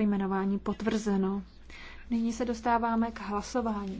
jmenování potvrzeno. Nyní se dostáváme k hlasování.